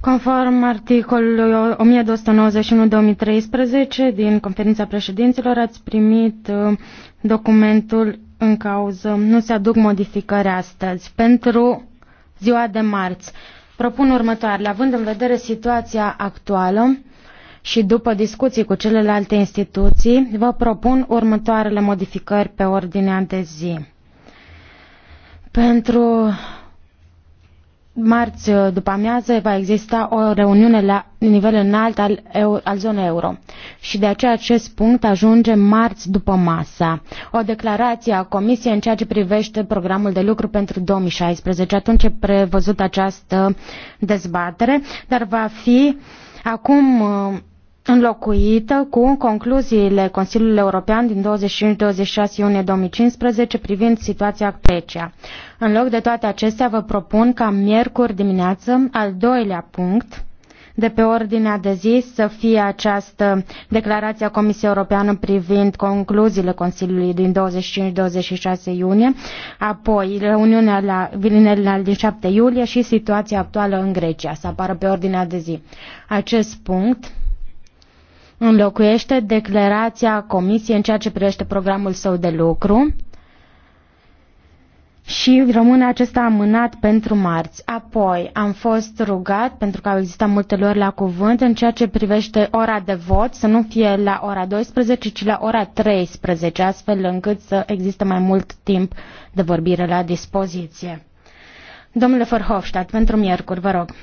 Conform articolului 1291-2013 din conferința președinților, ați primit uh, documentul în cauză. Nu se aduc modificări astăzi. Pentru ziua de marți, propun următoarele. Având în vedere situația actuală și după discuții cu celelalte instituții, vă propun următoarele modificări pe ordinea de zi. Pentru marți uh, după amiază va exista o reuniune la nivel înalt al, al zonei euro și de aceea acest punct ajunge marți după masa. O declarație a Comisiei în ceea ce privește programul de lucru pentru 2016. Atunci e prevăzut această dezbatere, dar va fi acum uh, înlocuită cu concluziile Consiliului European din 25-26 iunie 2015 privind situația Grecia. În loc de toate acestea, vă propun ca miercuri dimineață, al doilea punct, de pe ordinea de zi să fie această declarație a Comisiei Europeană privind concluziile Consiliului din 25-26 iunie, apoi reuniunea la Vilinele din 7 iulie și situația actuală în Grecia să apară pe ordinea de zi. Acest punct înlocuiește declarația Comisiei în ceea ce privește programul său de lucru și rămâne acesta amânat pentru marți. Apoi am fost rugat, pentru că au existat multe lor la cuvânt, în ceea ce privește ora de vot, să nu fie la ora 12, ci la ora 13, astfel încât să existe mai mult timp de vorbire la dispoziție. Domnule Verhofstadt, pentru miercuri, vă rog.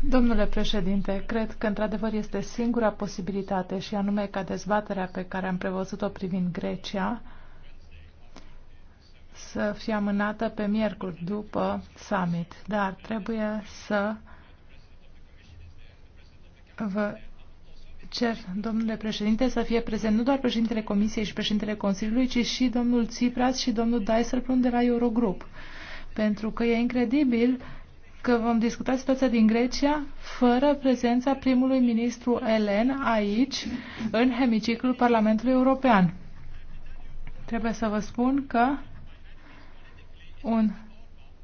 Domnule președinte, cred că într-adevăr este singura posibilitate și anume ca dezbaterea pe care am prevăzut-o privind Grecia să fie amânată pe miercuri după summit, dar trebuie să vă cer, domnule președinte, să fie prezent nu doar președintele Comisiei și președintele Consiliului, ci și domnul Tsipras și domnul Dijsselbloem de la Eurogrup pentru că e incredibil că vom discuta situația din Grecia fără prezența primului ministru Elen aici, în hemiciclul Parlamentului European. Trebuie să vă spun că un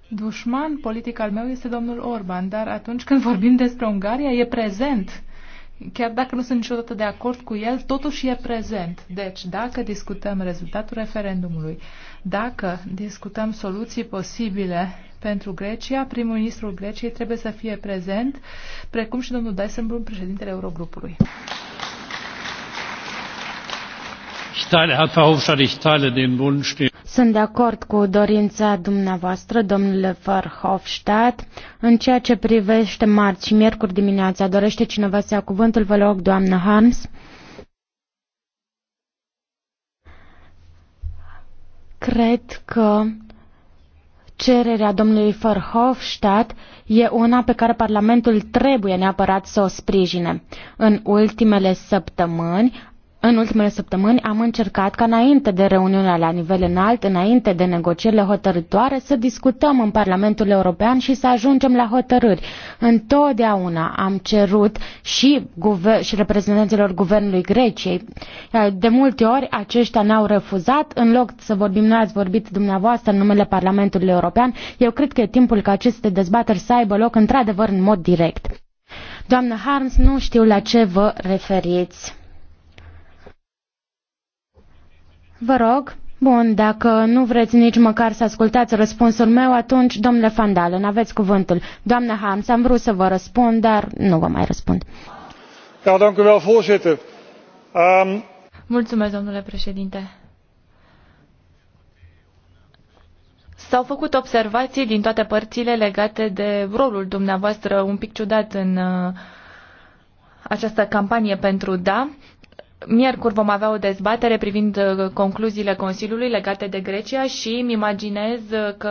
dușman politic al meu este domnul Orban, dar atunci când vorbim despre Ungaria, e prezent chiar dacă nu sunt niciodată de acord cu el, totuși e prezent. Deci, dacă discutăm rezultatul referendumului, dacă discutăm soluții posibile pentru Grecia, prim-ministrul Greciei trebuie să fie prezent, precum și domnul Dijsselbloem, președintele Eurogrupului. Ich teile, Herr Verhofstadt, ich teile den Wunsch, den sunt de acord cu dorința dumneavoastră, domnule Verhofstadt. În ceea ce privește marți și miercuri dimineața, dorește cineva să ia cuvântul? Vă rog, doamnă Hans. Cred că cererea domnului Verhofstadt e una pe care Parlamentul trebuie neapărat să o sprijine. În ultimele săptămâni în ultimele săptămâni am încercat ca înainte de reuniunea la nivel înalt, înainte de negocierile hotărătoare, să discutăm în Parlamentul European și să ajungem la hotărâri. Întotdeauna am cerut și, guver- și reprezentanților guvernului Greciei. De multe ori aceștia ne-au refuzat. În loc să vorbim, noi ați vorbit dumneavoastră în numele Parlamentului European. Eu cred că e timpul ca aceste dezbateri să aibă loc într-adevăr în mod direct. Doamnă Harms, nu știu la ce vă referiți. Vă rog. Bun, dacă nu vreți nici măcar să ascultați răspunsul meu, atunci, domnule Fandalen, aveți cuvântul. Doamna Hams, am vrut să vă răspund, dar nu vă mai răspund. Da, dank u wel, voorzitter. Um... Mulțumesc, domnule președinte. S-au făcut observații din toate părțile legate de rolul dumneavoastră un pic ciudat în uh, această campanie pentru da. Miercuri vom avea o dezbatere privind uh, concluziile Consiliului legate de Grecia și îmi imaginez uh, că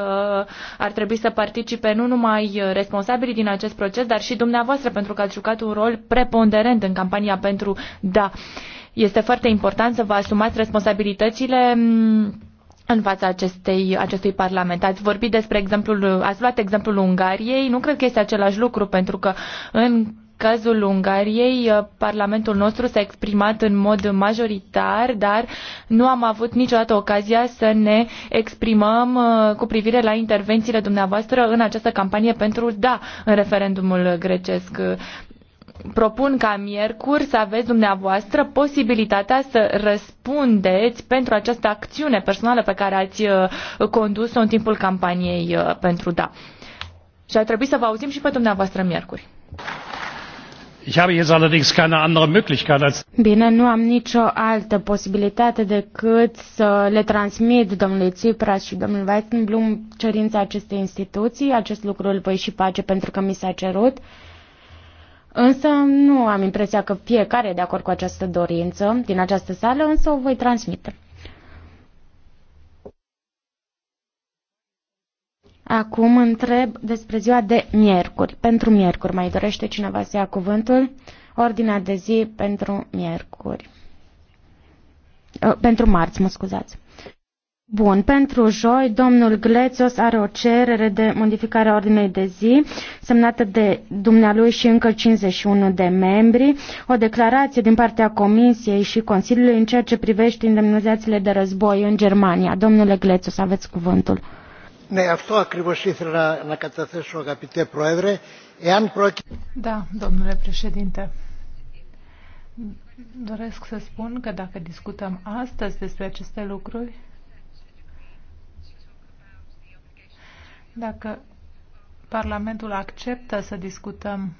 ar trebui să participe nu numai responsabilii din acest proces, dar și dumneavoastră, pentru că ați jucat un rol preponderent în campania pentru da. Este foarte important să vă asumați responsabilitățile mm, în fața acestei, acestui parlament. Ați vorbit despre exemplul, ați luat exemplul Ungariei, nu cred că este același lucru, pentru că în cazul Ungariei, uh, Parlamentul nostru s-a exprimat în mod majoritar, dar nu am avut niciodată ocazia să ne exprimăm uh, cu privire la intervențiile dumneavoastră în această campanie pentru da în referendumul grecesc propun ca miercuri să aveți dumneavoastră posibilitatea să răspundeți pentru această acțiune personală pe care ați uh, condus-o în timpul campaniei pentru da. Și ar trebui să vă auzim și pe dumneavoastră miercuri. Ich habe jetzt allerdings keine andere Möglichkeit als Bine, nu am nicio altă posibilitate decât să le transmit domnului Tsipras și domnului Weizenblum cerința acestei instituții. Acest lucru îl voi și face pentru că mi s-a cerut. Însă nu am impresia că fiecare e de acord cu această dorință din această sală, însă o voi transmite. Acum întreb despre ziua de miercuri. Pentru miercuri, mai dorește cineva să ia cuvântul? Ordinea de zi pentru miercuri. Pentru marți, mă scuzați. Bun, pentru joi, domnul Glețos are o cerere de modificare a ordinei de zi, semnată de dumnealui și încă 51 de membri, o declarație din partea Comisiei și Consiliului în ceea ce privește indemnizațiile de război în Germania. Domnule Glețos, aveți cuvântul. Da, domnule președinte doresc să spun că dacă discutăm astăzi despre aceste lucruri dacă parlamentul acceptă să discutăm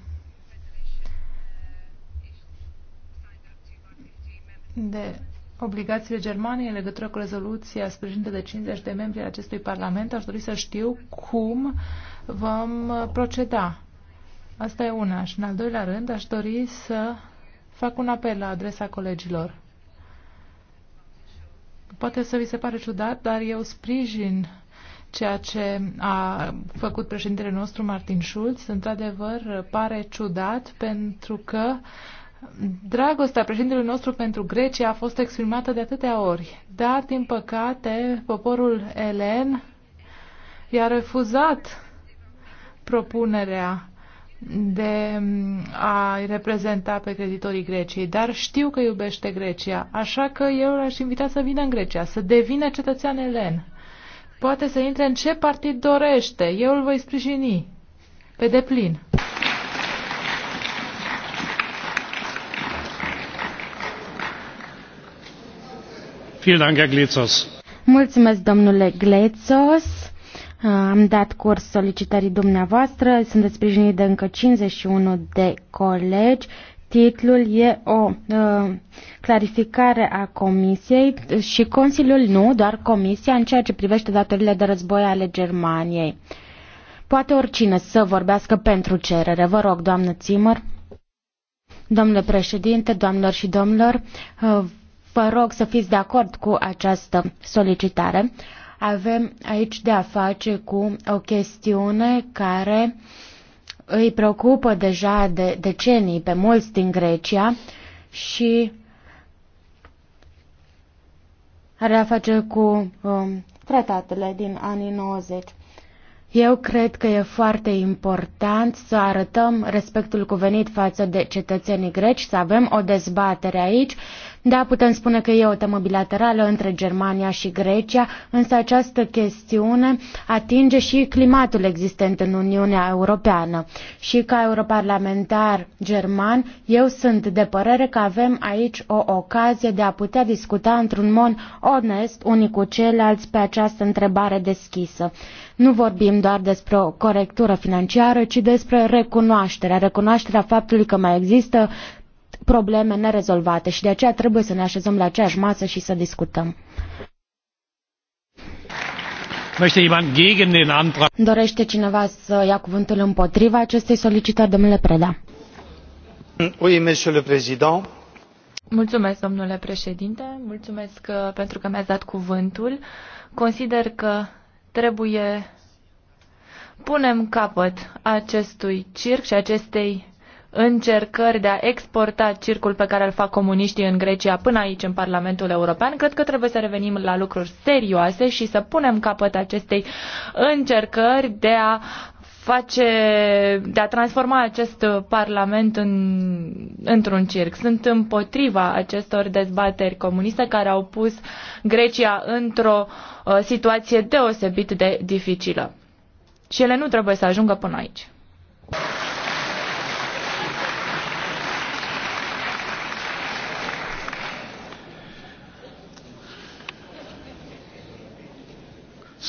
de obligațiile germane în legătură cu rezoluția sprijinită de 50 de membri ai acestui Parlament, aș dori să știu cum vom proceda. Asta e una. Și în al doilea rând, aș dori să fac un apel la adresa colegilor. Poate să vi se pare ciudat, dar eu sprijin ceea ce a făcut președintele nostru Martin Schulz. Într-adevăr, pare ciudat pentru că uh, Dragostea președintelui nostru pentru Grecia a fost exprimată de atâtea ori, dar, din păcate, poporul elen i-a refuzat propunerea de a-i reprezenta pe creditorii Greciei, dar știu că iubește Grecia, așa că eu l-aș invita să vină în Grecia, să devină cetățean elen. Poate să intre în ce partid dorește, eu îl voi sprijini pe deplin. Mulțumesc, domnule Glețos. Uh, am dat curs solicitării dumneavoastră. Sunt sprijinit de încă 51 de colegi. Titlul e o uh, clarificare a Comisiei și Consiliul nu, doar Comisia, în ceea ce privește datorile de război ale Germaniei. Poate oricine să vorbească pentru cerere. Vă rog, doamnă Zimmer. Domnule președinte, doamnelor și domnilor, uh, Vă rog să fiți de acord cu această solicitare. Avem aici de a face cu o chestiune care îi preocupă deja de decenii pe mulți din Grecia și are a face cu um, tratatele din anii 90. Eu cred că e foarte important să arătăm respectul cuvenit față de cetățenii greci, să avem o dezbatere aici, da, putem spune că e o temă bilaterală între Germania și Grecia, însă această chestiune atinge și climatul existent în Uniunea Europeană. Și ca europarlamentar german, eu sunt de părere că avem aici o ocazie de a putea discuta într-un mod onest unii cu ceilalți pe această întrebare deschisă nu vorbim doar despre o corectură financiară, ci despre recunoașterea, recunoașterea faptului că mai există probleme nerezolvate și de aceea trebuie să ne așezăm la aceeași masă și să discutăm. Dorește cineva să ia cuvântul împotriva acestei solicitări, domnule Preda? Oui, monsieur le président. Mulțumesc, domnule președinte. Mulțumesc uh, pentru că mi-ați dat cuvântul. Consider că trebuie punem capăt acestui circ și acestei încercări de a exporta circul pe care îl fac comuniștii în Grecia până aici, în Parlamentul European. Cred că trebuie să revenim la lucruri serioase și să punem capăt acestei încercări de a face, de a transforma acest parlament în, într-un circ. Sunt împotriva acestor dezbateri comuniste care au pus Grecia într-o uh, situație deosebit de dificilă. Și ele nu trebuie să ajungă până aici.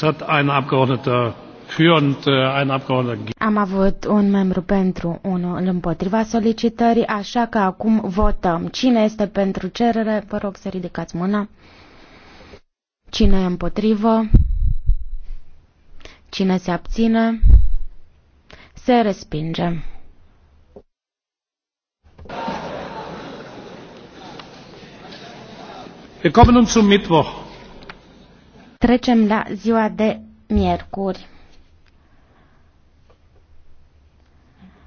Äh, Am avut un membru pentru, unul împotriva solicitării, așa că acum votăm. Cine este pentru cerere? Vă rog să ridicați mâna. Cine e împotrivă? Cine se abține? Se respinge. Wir kommen nun zum Mittwoch. Trecem la ziua de miercuri.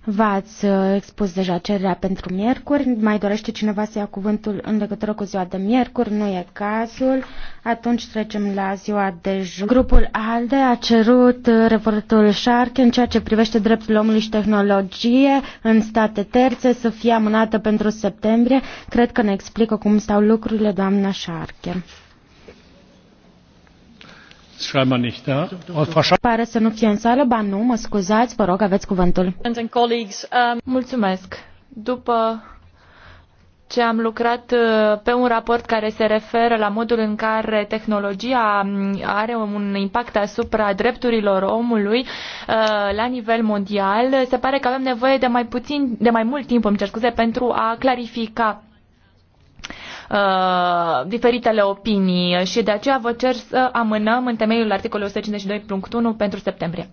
V-ați uh, expus deja cererea pentru miercuri. Mai dorește cineva să ia cuvântul în legătură cu ziua de miercuri? Nu e cazul. Atunci trecem la ziua de joi. Grupul ALDE a cerut uh, raportul Shark în ceea ce privește dreptul omului și tehnologie în state terțe să fie amânată pentru septembrie. Cred că ne explică cum stau lucrurile doamna Sharke. Da. Pare să nu fie în sală, ba nu, mă scuzați, vă rog, aveți cuvântul. Um, Mulțumesc. După ce am lucrat uh, pe un raport care se referă la modul în care tehnologia um, are un impact asupra drepturilor omului uh, la nivel mondial. Se pare că avem nevoie de mai puțin, de mai mult timp, îmi cer scuze, pentru a clarifica Uh, diferitele opinii și de aceea vă cer să amânăm în temeiul articolului 152.1 pentru septembrie.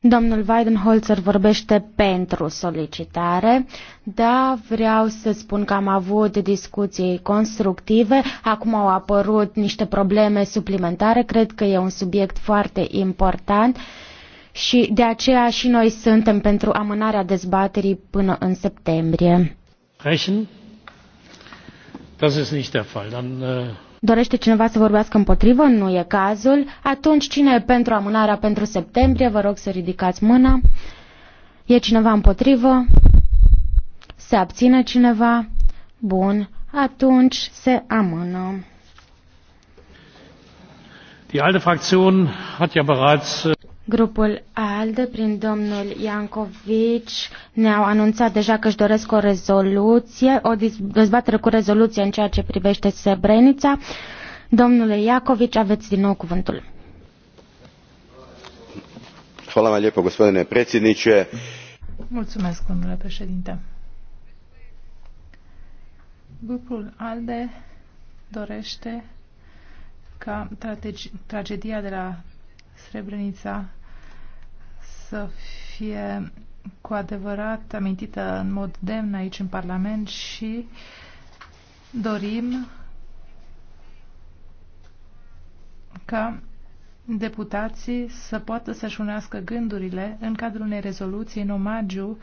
Domnul Weidenholzer vorbește pentru solicitare. Da, vreau să spun că am avut discuții constructive. Acum au apărut niște probleme suplimentare. Cred că e un subiect foarte important și de aceea și noi suntem pentru amânarea dezbaterii până în septembrie. Das ist nicht der Fall. Dann, äh, Dorește cineva să vorbească împotrivă? Nu e cazul. Atunci, cine e pentru amânarea pentru septembrie? Vă rog să ridicați mâna. E cineva împotrivă? Se abține cineva? Bun. Atunci se amână. Die alte Fraktion hat ja bereits äh, Grupul ALDE, prin domnul Iancovici, ne-au anunțat deja că își doresc o rezoluție, o dezbatere cu rezoluție în ceea ce privește Srebrenica. Domnule Iacovici, aveți din nou cuvântul. Hvala vam lijepo, gospodine predsjedniče. Mulțumesc, domnule președinte. Grupul ALDE dorește ca tragedia de la Srebrenica să fie cu adevărat amintită în mod demn aici în Parlament și dorim ca deputații să poată să-și unească gândurile în cadrul unei rezoluții în omagiu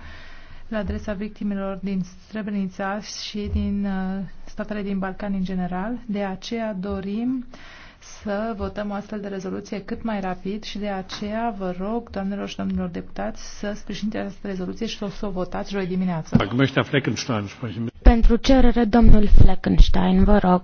la adresa victimelor din Srebrenica și din uh, statele din Balcani în general. De aceea dorim uh, să votăm o astfel de rezoluție cât mai rapid și de aceea vă rog, doamnelor și domnilor deputați, să sprijinite această rezoluție și să o votați joi dimineață. Pentru cerere, domnul Fleckenstein, vă rog.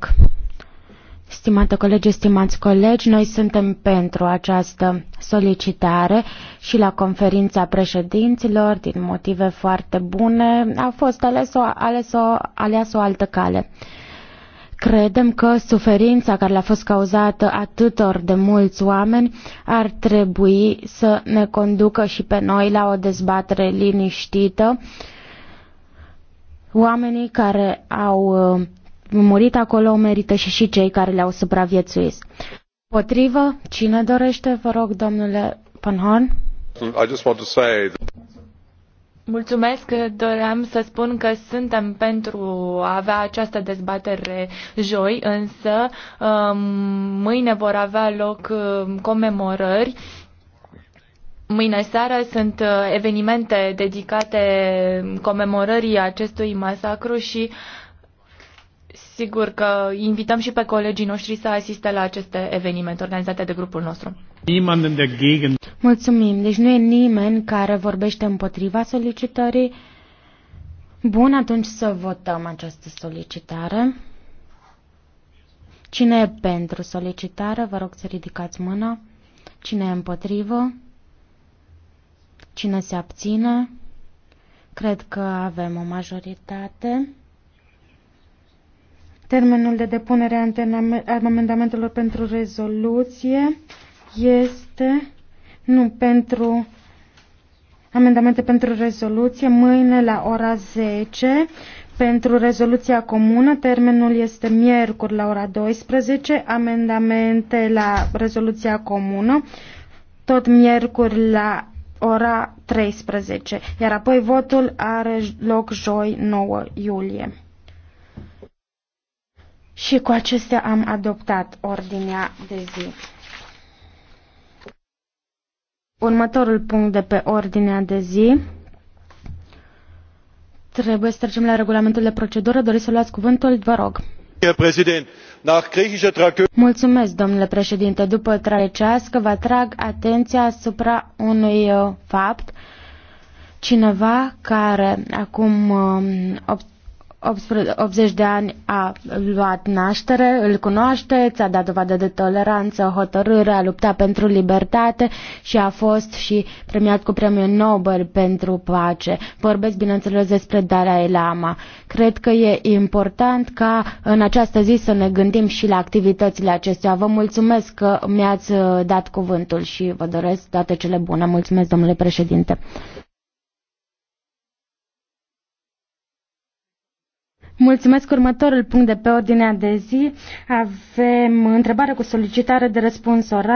Stimate colegi, stimați colegi, noi suntem pentru această solicitare și la conferința președinților, din motive foarte bune, a fost ales o, ales o, ales o altă cale. Credem că suferința care le-a fost cauzată atâtor de mulți oameni ar trebui să ne conducă și pe noi la o dezbatere liniștită. Oamenii care au uh, murit acolo merită și și cei care le-au supraviețuit. Potrivă, cine dorește, vă rog, domnule Panhorn? Mulțumesc, doream să spun că suntem pentru a avea această dezbatere joi, însă um, mâine vor avea loc um, comemorări. Mâine seară sunt uh, evenimente dedicate comemorării acestui masacru și sigur că invităm și pe colegii noștri să asiste la aceste evenimente organizate de grupul nostru. Mulțumim. Deci nu e nimeni care vorbește împotriva solicitării. Bun, atunci să votăm această solicitare. Cine e pentru solicitare? Vă rog să ridicați mâna. Cine e împotrivă? Cine se abține? Cred că avem o majoritate. Termenul de depunere a amendamentelor pentru rezoluție este nu, pentru amendamente pentru rezoluție, mâine la ora 10. Pentru rezoluția comună, termenul este miercuri la ora 12, amendamente la rezoluția comună, tot miercuri la ora 13, iar apoi votul are loc joi 9 iulie. Și cu acestea am adoptat ordinea de zi. Următorul punct de pe ordinea de zi. Trebuie să trecem la regulamentul de procedură. Doriți să luați cuvântul? Vă rog. Mulțumesc, domnule președinte. După trecească vă atrag atenția asupra unui uh, fapt. Cineva care acum uh, 80 de ani a luat naștere, îl cunoaște, ți-a dat dovadă de toleranță, hotărâre, a luptat pentru libertate și a fost și premiat cu premiul Nobel pentru pace. Vorbesc, bineînțeles, despre Dalai Lama. Cred că e important ca în această zi să ne gândim și la activitățile acestea. Vă mulțumesc că mi-ați dat cuvântul și vă doresc toate cele bune. Mulțumesc, domnule președinte. Mulțumesc. Următorul punct de pe ordinea de zi avem întrebare cu solicitare de răspuns oral.